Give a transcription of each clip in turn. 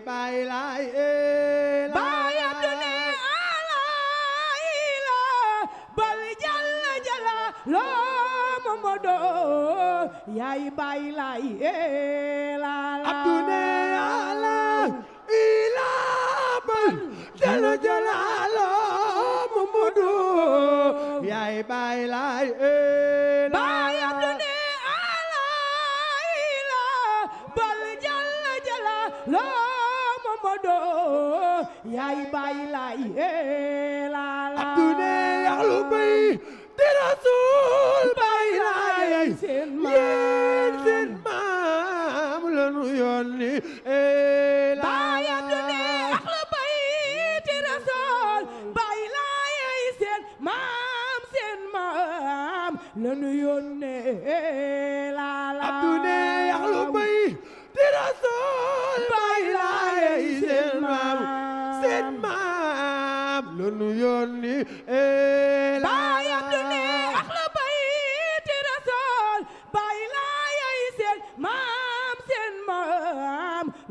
bay laay bay Abdu ne alaa ilaa bal jalla jalla loo Mamadu yaay bay laay laa Abdu ne alaa ilaa bal jalla jalla loo Mamadu yaay bay laay la ilaha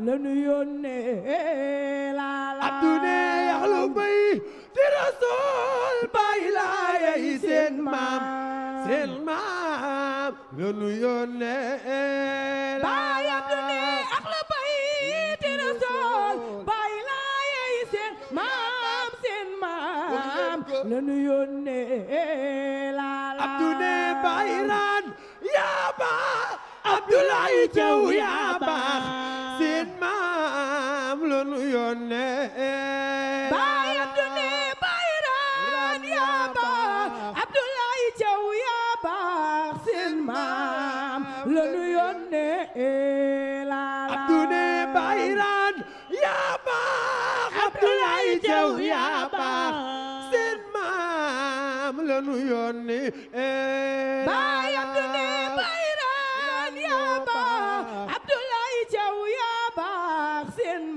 lanu yónnee la la adduna yaxlu bay di rasul bay laaya yi maam seen maam lanu yónnee la la la adduna bayran yaa baax Abdoulaye Thiaw yaa baax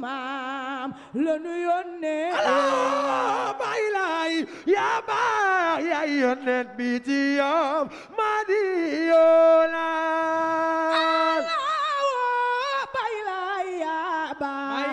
maam la nu yónnee alaa bay lay yaa bi ci yoom ma di alaa bay lay yaa baay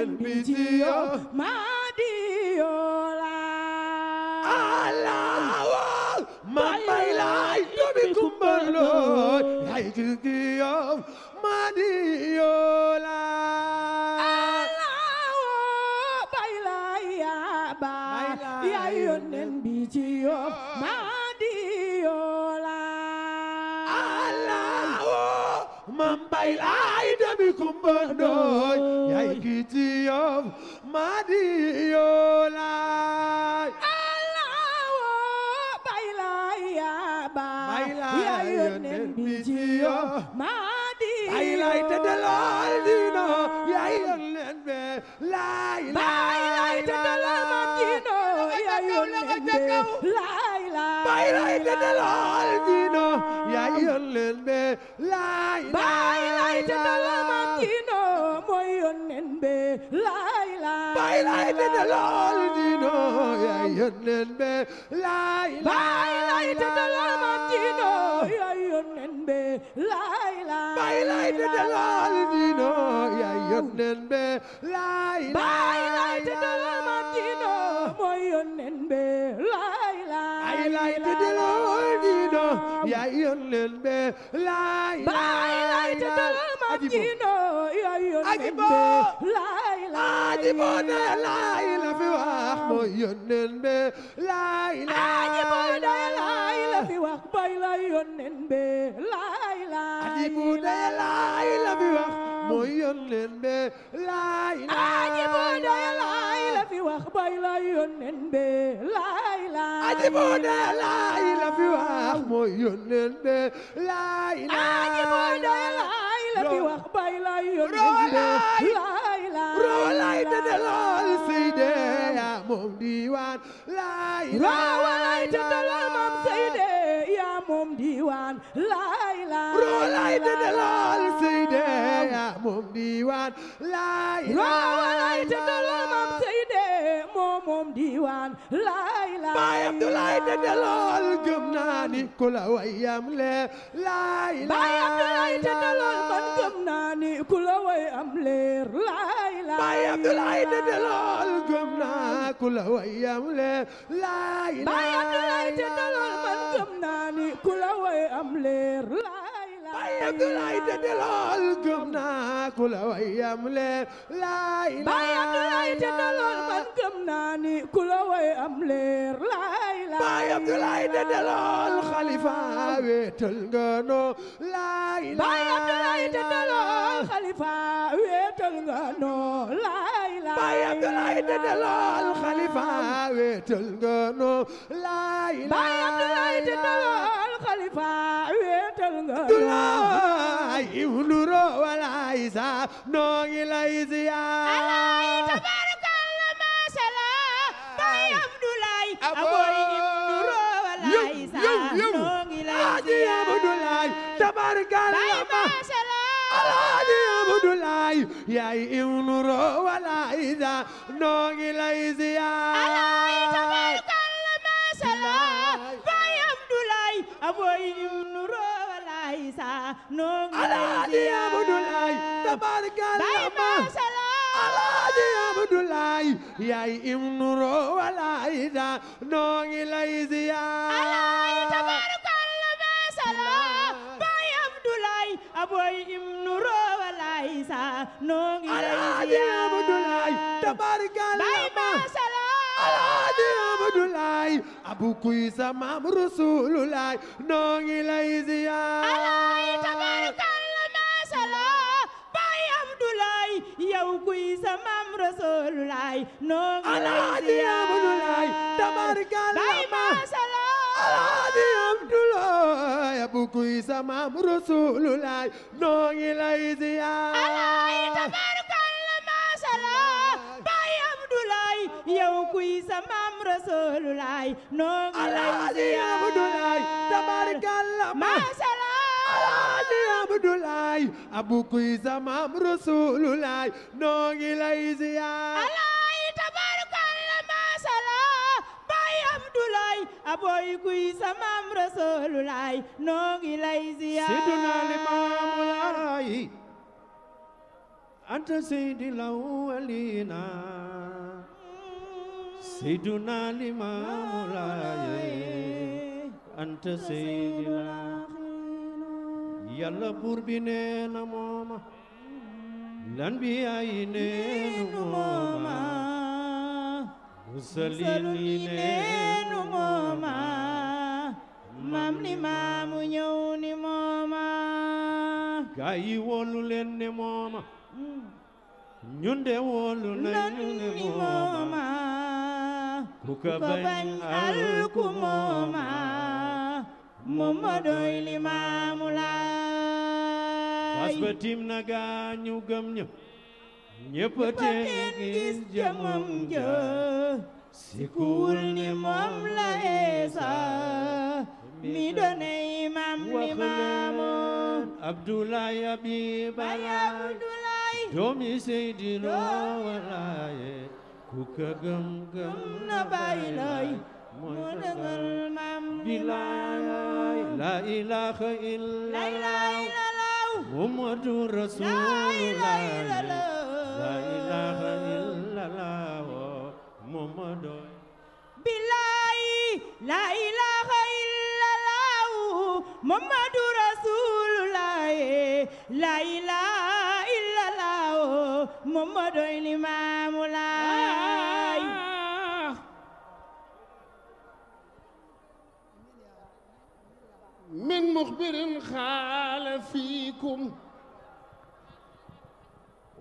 elbitiyo madiyola alawa mamailai tobi kumbalo yaijitiyo madiyola alawa bailayaba yayonen bitiyo madiyola alawa mamailai tobi kumbalo Yoff maa di yoolaay yaa yónneen bi ci Yoff maa di yoolaay te de lool dina yaa yónneen be laay laay te de lool ma dina yaa yónneen be laay laay te de lool dina yaa yónneen be laay laay yonen be lay lay lay te de la matino ya yonen be lay lay lay lay te de la matino ya yonen be lay lay lay te de la matino mo yonen be lay lay lay te de la matino ya yonen be lay lay lay te de la Ajibo Ajibo Ajibo ne laay la fi wax mooy yónneen be laay laay Ajibo ne laay la fi wax bay la yónneen be laay laay Ajibo ne laay la fi wax mooy yónneen be laay laay Ajibo ne laay la fi wax bay la yónneen be laay laay Ajibo ne laay la fi wax mooy yónneen be laay laay Ajibo ne laay fi wax bay lay yoon lay lay te de lool seyde ya moom diwaan lay lay te de lool moom seyde ya moom diwaan lay lay te de lool seyde ya moom diwaan lay lay te de lool moom seyde moom moom diwaan lay baayam du lay du lay tëdde lool man ku la way am leer laay laay baayam du lay tëdde lool gëm ku la wayam leer laay laay baayam du lay tëdde lool man ku la way am leer dëgg laay tete lool gëm naa ku la wayam leer laay baay Abdoulaye tete lool man gëm naa ni ku la way am leer laay laay baay Abdoulaye tete lool xalifa weetal nga noo laay laay baay Abdoulaye tete lool xalifa weetal nga noo laay laay baay Abdoulaye tete lool xalifa weetal nga noo laay laay baay Abdoulaye tete lool xalifa dulaay ibnu roo walaa isaa noo ngi lay ziyaar alaay tabarakallah masala baay abdulaay aboy ah, ah, ibnu roo walaa isaa noo ngi lay ziyaar abdulaay tabarakallah masala alaay abdulaay yaay ibnu roo walaa isaa noo ngi lay ziyaar alaay tabarakallah masala baay abdulaay aboy ah, ibnu roo Isa nongi Alaaji Abdoulaye tabarakallah Alaaji Abdoulaye yaay imnu ro wala ida nongi lay ziyaar Alaaji tabarakallah ma salaam Baay Abdoulaye aboy imnu ro wala Isa nongi lay ziyaar Alaaji Abdoulaye tabarakallah ma salaam Alaaji Abdoulaye abu kuy sa maam Rasulullah noo ngi lay ziyaar alaay tabarakallah maasallaa baay Abdoulaye yow kuy sa maam Rasulullah noo ngi lay ziyaar baay maasallaa alaadi Abdoulaye abu kuy sa maam Rasulullah noo ngi yow kuy sa maam Rasulullaay noo ngi lay ziyaar kuy sa maam Rasulullaay noo ngi lay ziyaar alaay tabarakallah masala bay Abdoulaye aboy kuy sa maam Rasulullaay noo ngi lay ziyaar siduna limaamu laay anta sayyidil awwaliina سيدنا الإمام مولاي أنت سيدنا يلا بور بي نينا موما الأنبياء نينا موما مسلين نينا موما مام الإمام يوني موما gayi wóolu leen ne mooma ñun de wóolu nañu ne mooma bu ko bañ alku mooma moom doy li maamu laay bas ba na gaañu gëm ñë ñëpp a teen gis jëmam jë sikuwul ni moom la eesa mi doone imam ni maamoon abdoulaye abi balaay doomi seydi loo walaaye ku ka gëm la muhammadu rasulullah la ilaha illallah la muhammadu rasulullah la ilaha illallah muhammadu فيكم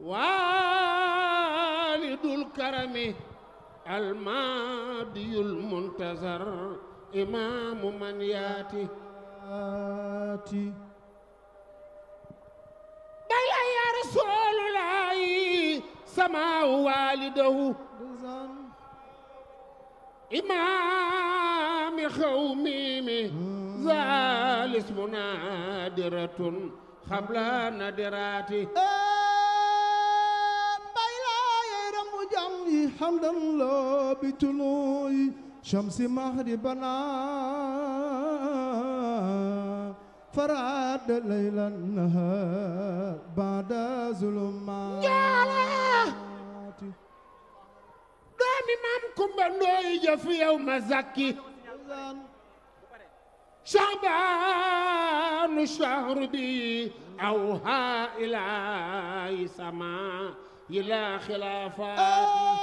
والد الكرم المادي المنتظر إمام من ياتي بل يا رسول الله سما والده إمام خوميمي ذا اسم نادرة xabla na diraati mbay laa yey rambu jam yi xamdan loo bi tunuy shamsi mahribana faraad laylan baada zulumaat njaala doomi maam kumba ndooy jëf yow ma zakki شعبان الشهر بي أوها إلى سما إلى خلافاتي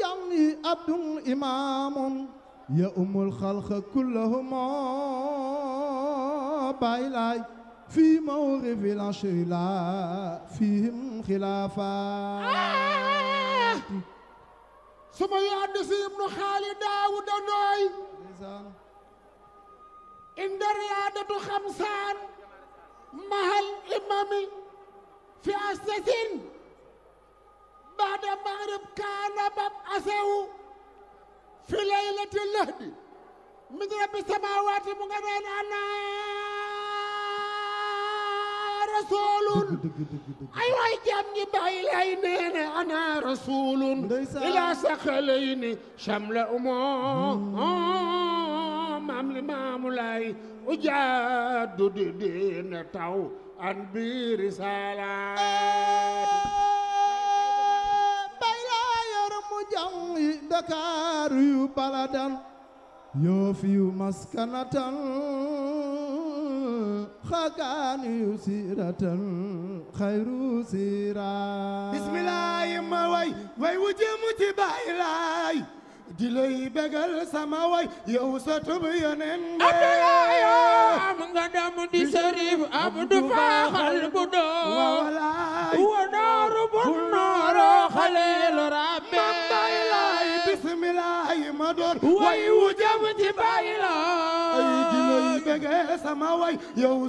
جمي عبد إمام يا أم الخلق كلهم بايلاي في موغف العشر لا فيهم خلافات suma yuhaddisi ibnu xaali daawuda nooy inda riyaadatu xamsaan mahal imami fi asasin baada maghrib kaana bab asaw fi laylati lahdi min rabbi samawaati mu nga naan anaa rasulun ay way jam ñi bàyyi lay neene ana rasulun ila saqalayni shamla umo hmm. mam li maamu ujaadu di diina taw an bi risalaat bay laa yor mu jang yi dakaaru yu baladan yoo فكانوا سيرة خير سيرة بسم الله ma way way wu jëm ci di lay bégal sama way yow sotub yoneen am nga dem di Sëriif Abdou Faxal bu doon wa nooru bu nooro xaleelu rabbi Baay Laay ma door way wu jëm ci bëgge sama way yow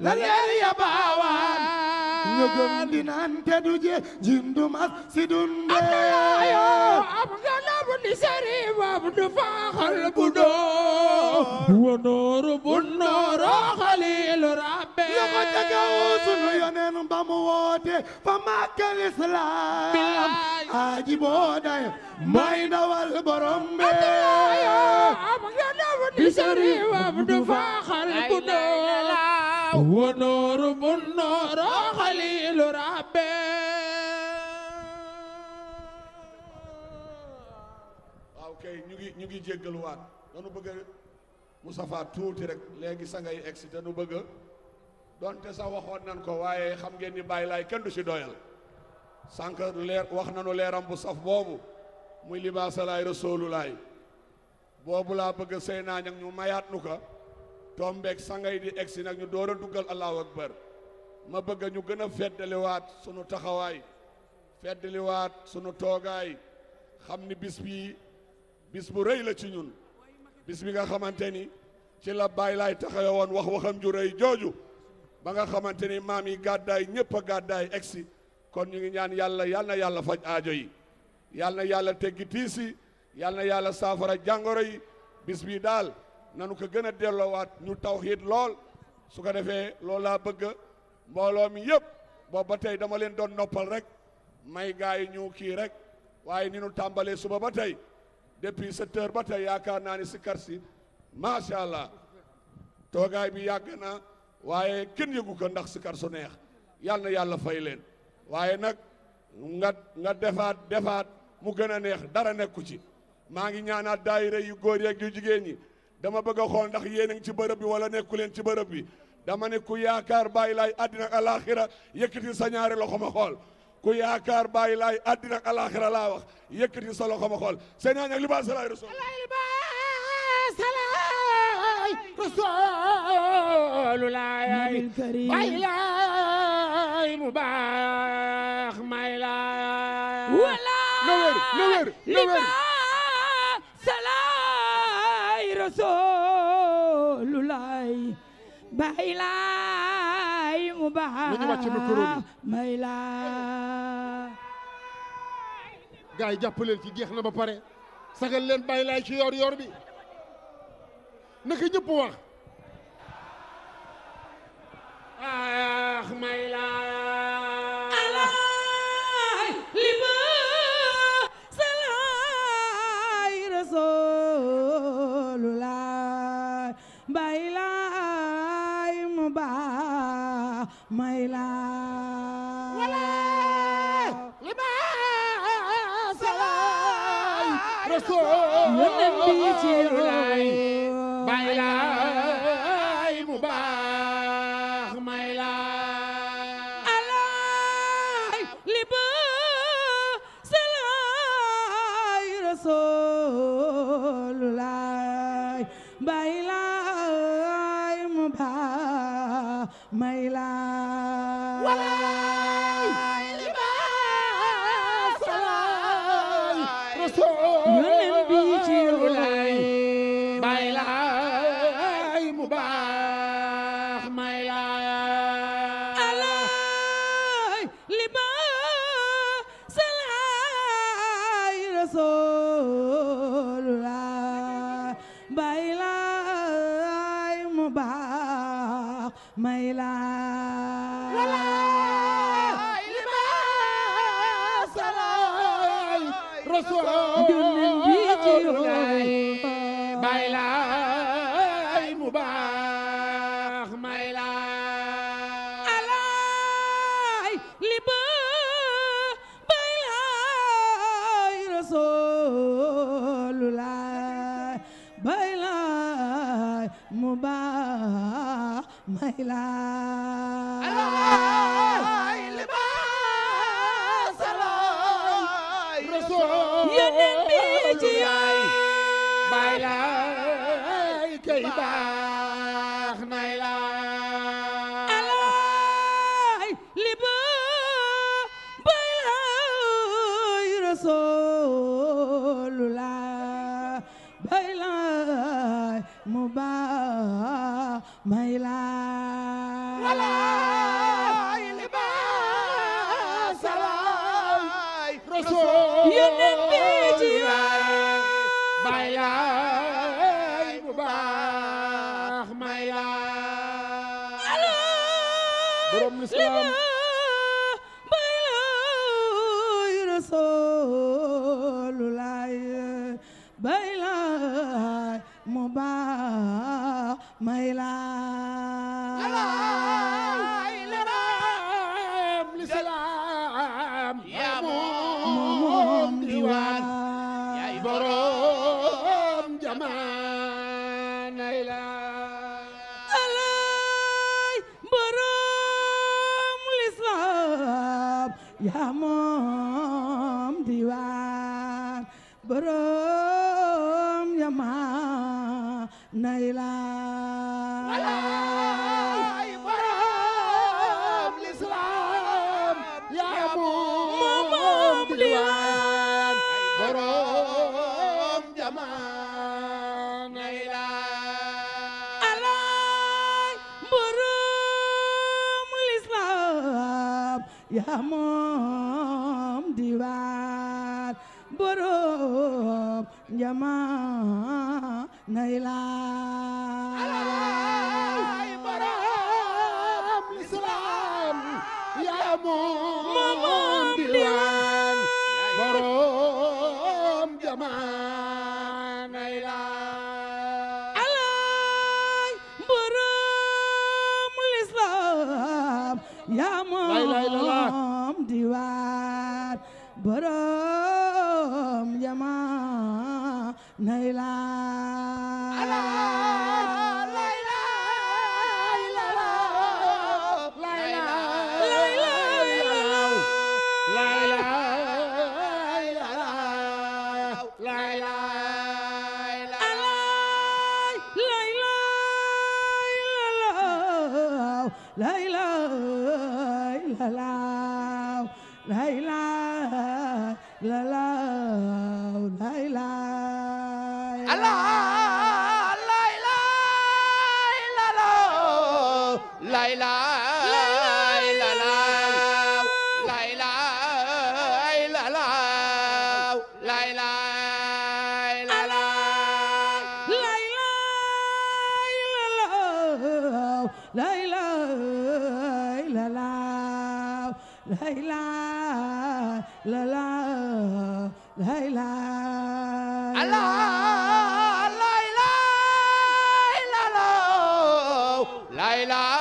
la leer ya baawaan ñu gëm dinaan te du je jindu mas si dunde yo am nga labu ni sëriñ ab du faaxal bu doo wa nooru bu nooro xaliilu rabbe yoko ca kaw sunu yoneen ba mu woote fa màkkal islaam aji booday mooy ndawal borom be am nga labu ni sëriñ ab du faaxal bu doo ونور من نور خليل ربي waaw kay ñu ngi ñu ngi jéggaluwaat dañu bëgg a Moustapha tuuti rek léegi sa ngay egsi dañu bëgg a donte sax waxoon nan ko waaye xam ngeen ni bàyyi laay kenn du si doyal sànq leer wax nanu leeram bu saf boobu muy libaasalaay rasoolulaay boobu laa bëgg sëy naa ñag ñu mayaat nu ko tombeek sangay di egsi nag ñu door a duggal allahu akbar ma bëgg ñu gën a feddaliwaat sunu taxawaay feddaliwaat sunu toogaay xam ni bis bi bis bu rëy la ci ñun bis bi nga xamante ni ci la bàyyi laay taxawe woon wax waxam ju rëy jooju ba nga xamante ni maam yi gàddaay ñépp a gàddaay egsi kon ñu ngi ñaan yàlla yal na yàlla faj aajo yi yal yàlla teggi tiisi yal yàlla saafara jàngoro yi bis bii daal nanu ko gën a delloowaat ñu tawxiid lool su ko defee loolu laa bëgg mbooloo mi yëpp boobu ba tey dama leen doon noppal rek may gaay yi ñu kii rek waaye ni tàmbalee suba ba tey depuis sept heures ba tey yaakaar naa ni si kar si macha toogaay bi yàgg na waaye kenn yëgu ko ndax si kar su neex yal na yàlla fay leen waaye nag nga nga defaat defaat mu gën a neex dara nekku ci maa ngi ñaanaat daayira yu góor yeeg yu jigéen ñi dama bëgg a xool ndax yéen a ngi ci bërëb bi wala nekku leen ci bërëb bi dama ne ku yaakaar bàyyi laay àddina ak alaaxira yëkkati sa ñaari loxo ma xool ku yaakaar bàyyi lay àddina ak alaaxira laa wax yëkkati sa loxo ma xool seen ñaan ak libaas laay rasul رسول الله ما إله مباح ما إله ولا ilaay mu baax nañu wàcc micro bi ci jeex na ba pare sagal leen bàyyi laay ci yoor yoor bi naka ñëpp wax rasulullah baylay mubah maylay ba yaa moom diwaan borom yama nay la bara la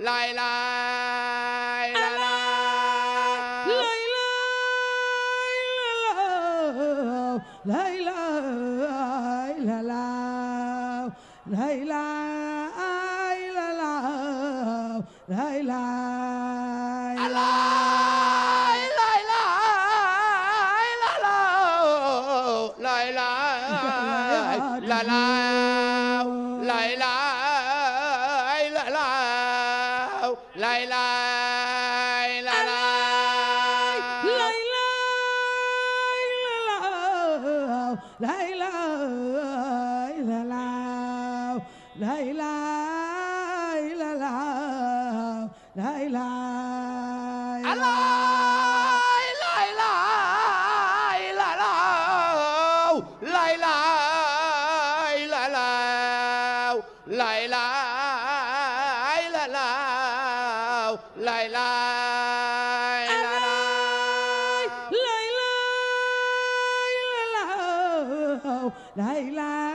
lay la ilaha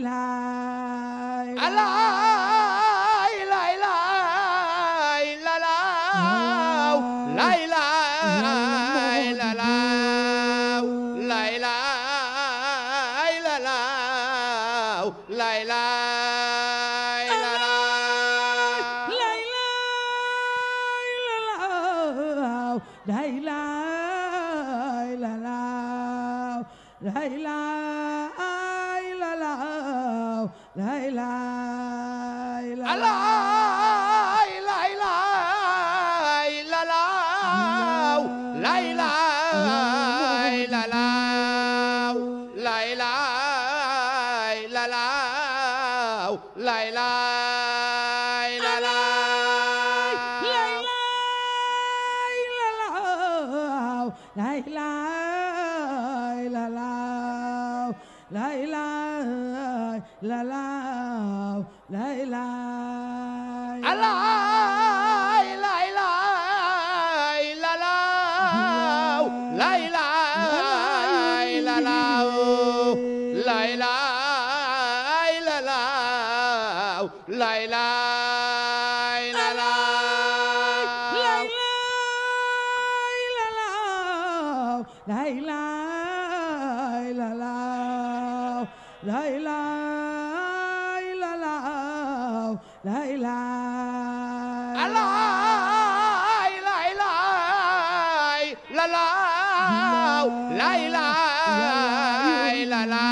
la la la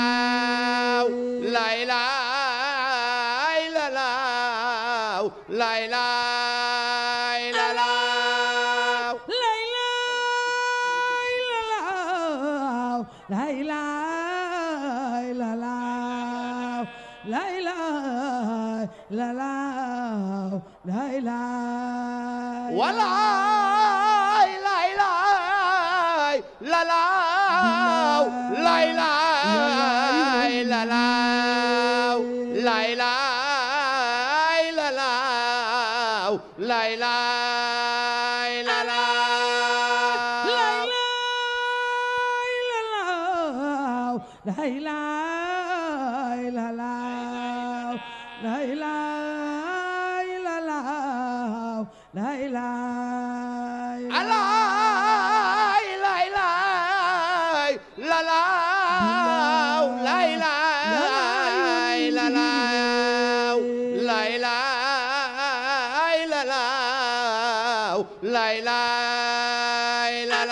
أو لا لا لا لا لا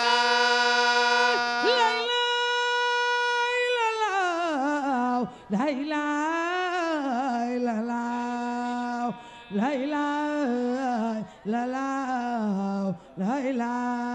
لا لا لا لا لا لا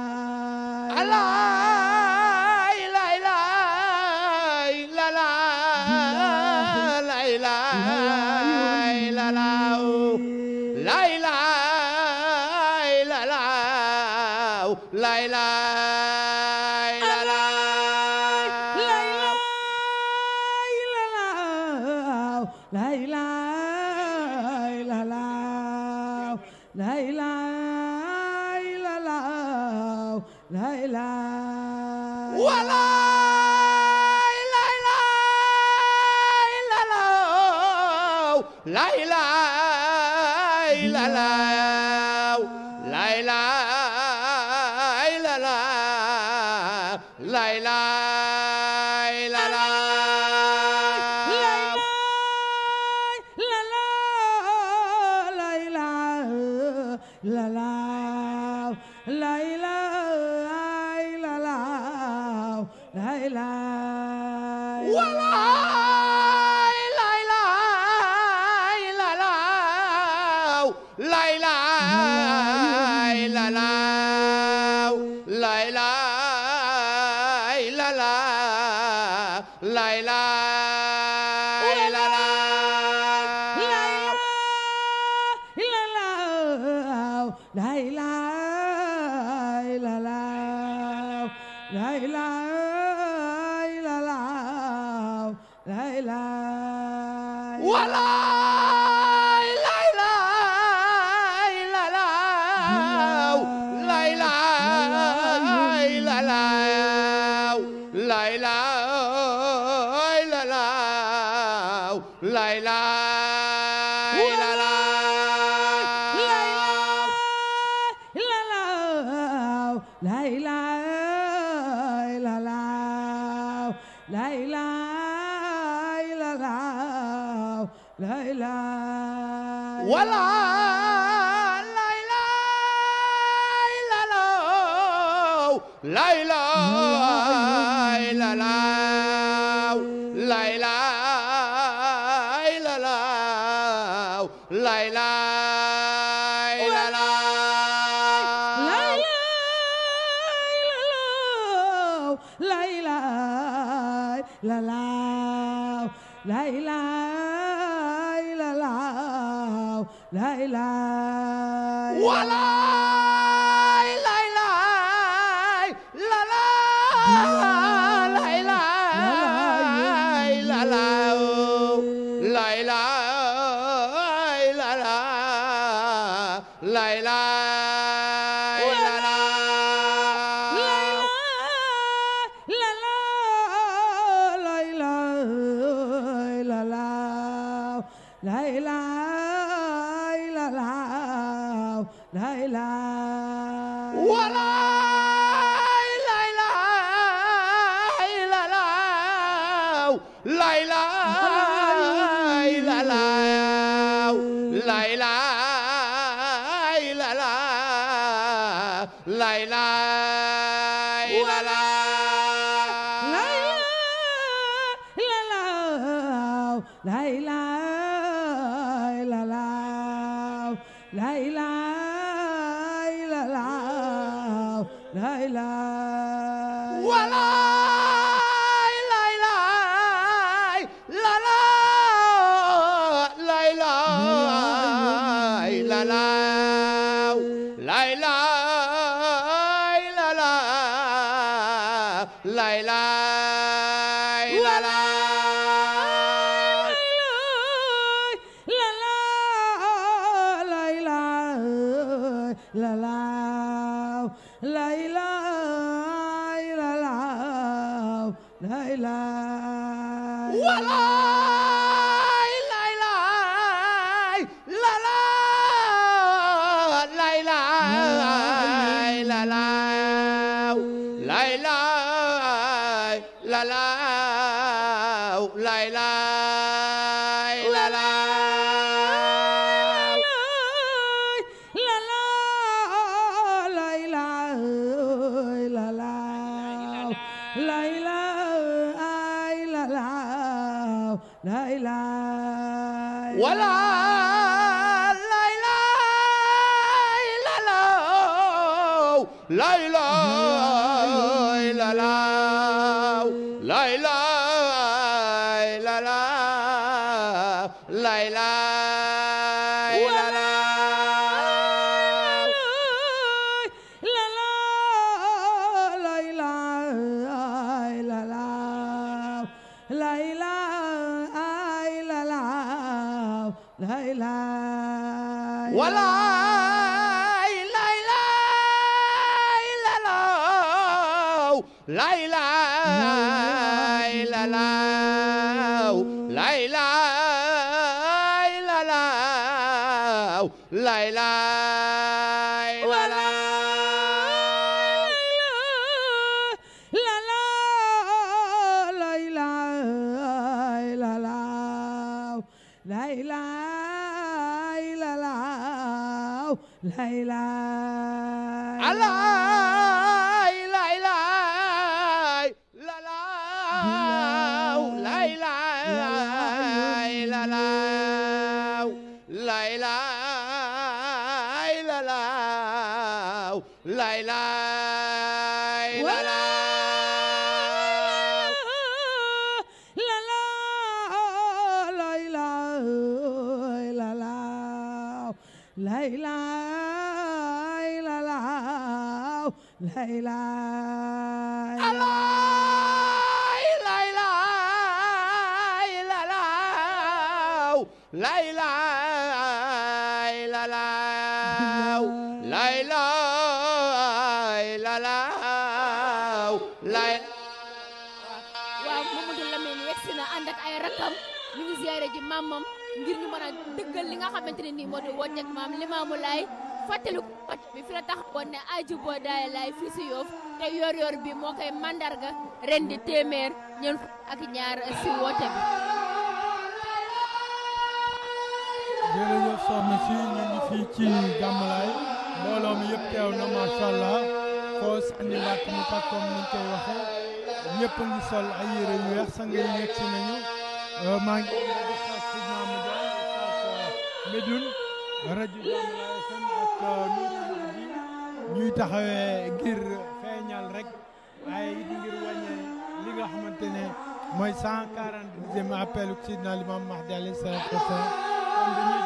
la ilaha illallah la laay laay walaay laay laay la laay laay la laay laay la laay laay la la la la la la la ilaha illallah la ilaha لا إله ولا إله إلا لا إله إلا لا la la la ngir ñu a li nga xamante ne nii moo di wooteeg maam Limaamu Laay fàttaliku woote bi fi la taxawoon ne aji boo daay si Yoff te yor-yor bi moo koy mandarga ren di téeméer ñeent ak ñaar si woote bi. jërëjëf soxna si ñu ngi fii ci Jàmmalaay mbooloo mi yëpp na macha allah foo sànni mbàkk mi pàccoom ni ñu koy waxee ñëpp ngi sol ay yére yu weex sang yi nekk si nañu euh, maa ngi. Médoune rajo Jaamalaay FM ak euh, Nourou Mouridi ñuy taxawee ngir feeñal rek ay it ngir wàññe li nga xamante ne mooy cent quarante dixième appelu Seydina Limaamu Mahdi alayhi salaatu wa salaam